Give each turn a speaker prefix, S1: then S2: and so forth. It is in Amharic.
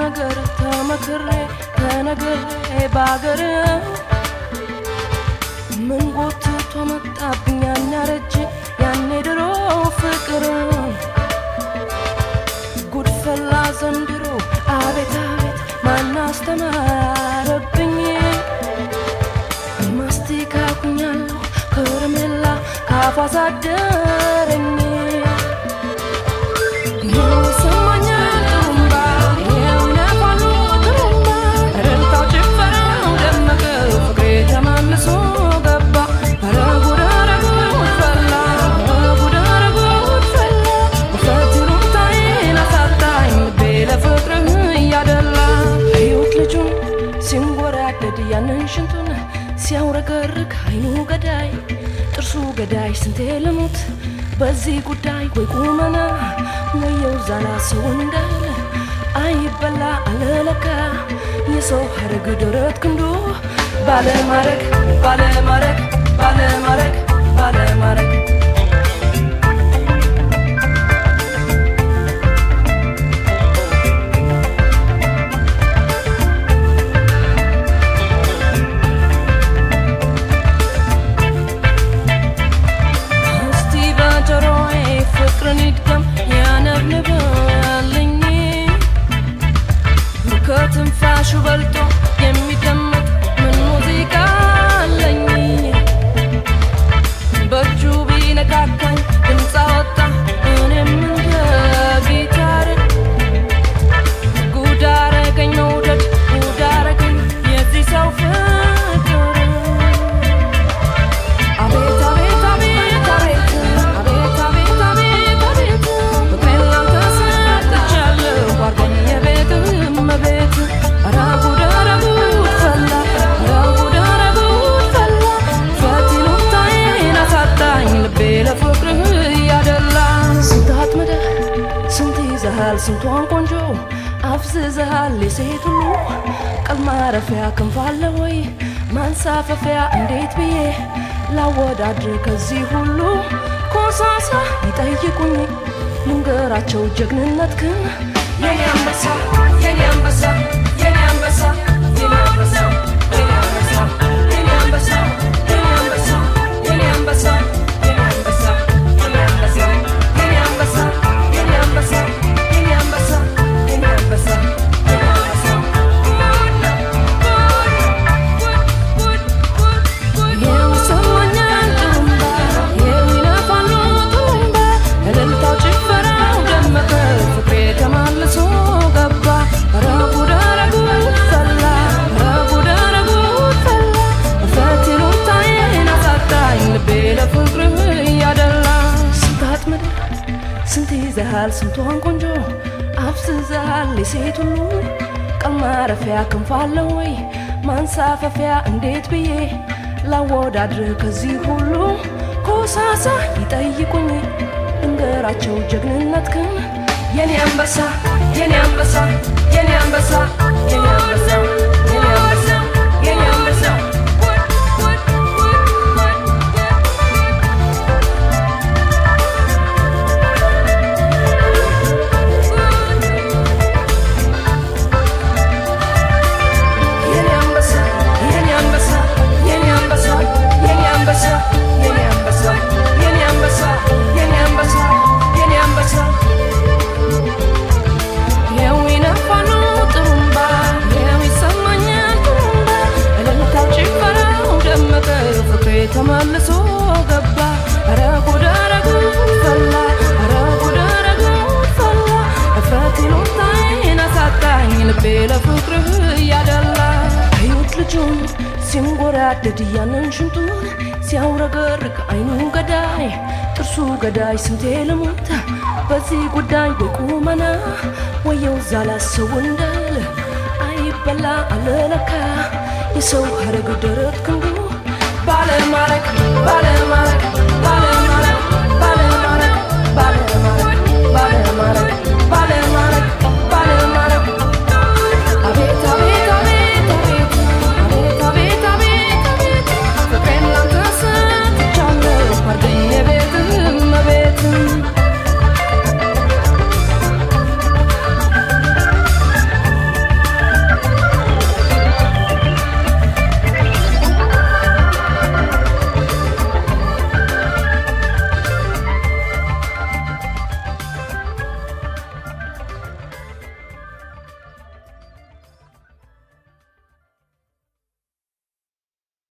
S1: ነገር ተመክሬ ተነግሬ ባገር ምን ጎትቶ መጣብኝ ያናረጅ ያኔ ድሮ ፍቅር ጉድፈላ ዘንድሮ አቤት አቤት ማን አስተማረብኝ ማስቲካ ኩኛለሁ ከረሜላ ካፏ ያንን ሽንቱን ሲያውረገርግ አይኑ ገዳይ ጥርሱ ገዳይ ስንቴ ልሙት በዚህ ጉዳይ ወይ ቁመና ወየው ዛላ ሰው እንዳለ አይበላ አለለካ የሰው ሀረግ ደረት ክንዱ
S2: ባለማረግ
S1: ባለማረግ ባለማረግ ባለማረግ ሆነሃል ስንቷን ቆንጆ አፍዝዘሃል የሴት ሁሉ ቀልብ ማረፊያ አለ ወይ ማንሳፈፊያ እንዴት ብዬ ላወዳድር ከዚህ ሁሉ ኮሳሳ ይጠይቁኝ ልንገራቸው ጀግንነት ግን የኔ አንበሳ የኔ አንበሳ አድርገሃል ስንቷን ቆንጆ አፍዝዛል የሴት ሁሉ ቀን ማረፊያ ክንፋለው ወይ ማንሳፈፊያ እንዴት ብዬ ላወዳድር ከዚህ ሁሉ ኮሳሳ ይጠይቁኝ እንገራቸው ጀግንነት ግን የኔ አንበሳ የኔ አንበሳ የኔ አንበሳ የኔ አንበሳ ልቤ ለፍቅርህ እያደላ ሕይወት ልጁን ሲንጎራደድ ያንን ሽንጡን ሲያውረገርግ አይኑ ገዳይ ጥርሱ ገዳይ ስንቴ ልሙት በዚህ ጉዳይ በቁመና ወየው ዛላ ሰው እንደል አይበላ አለለካ የሰው ሀረግ ደረት ክንዱ ባለማረግ ባለማረግ ባለ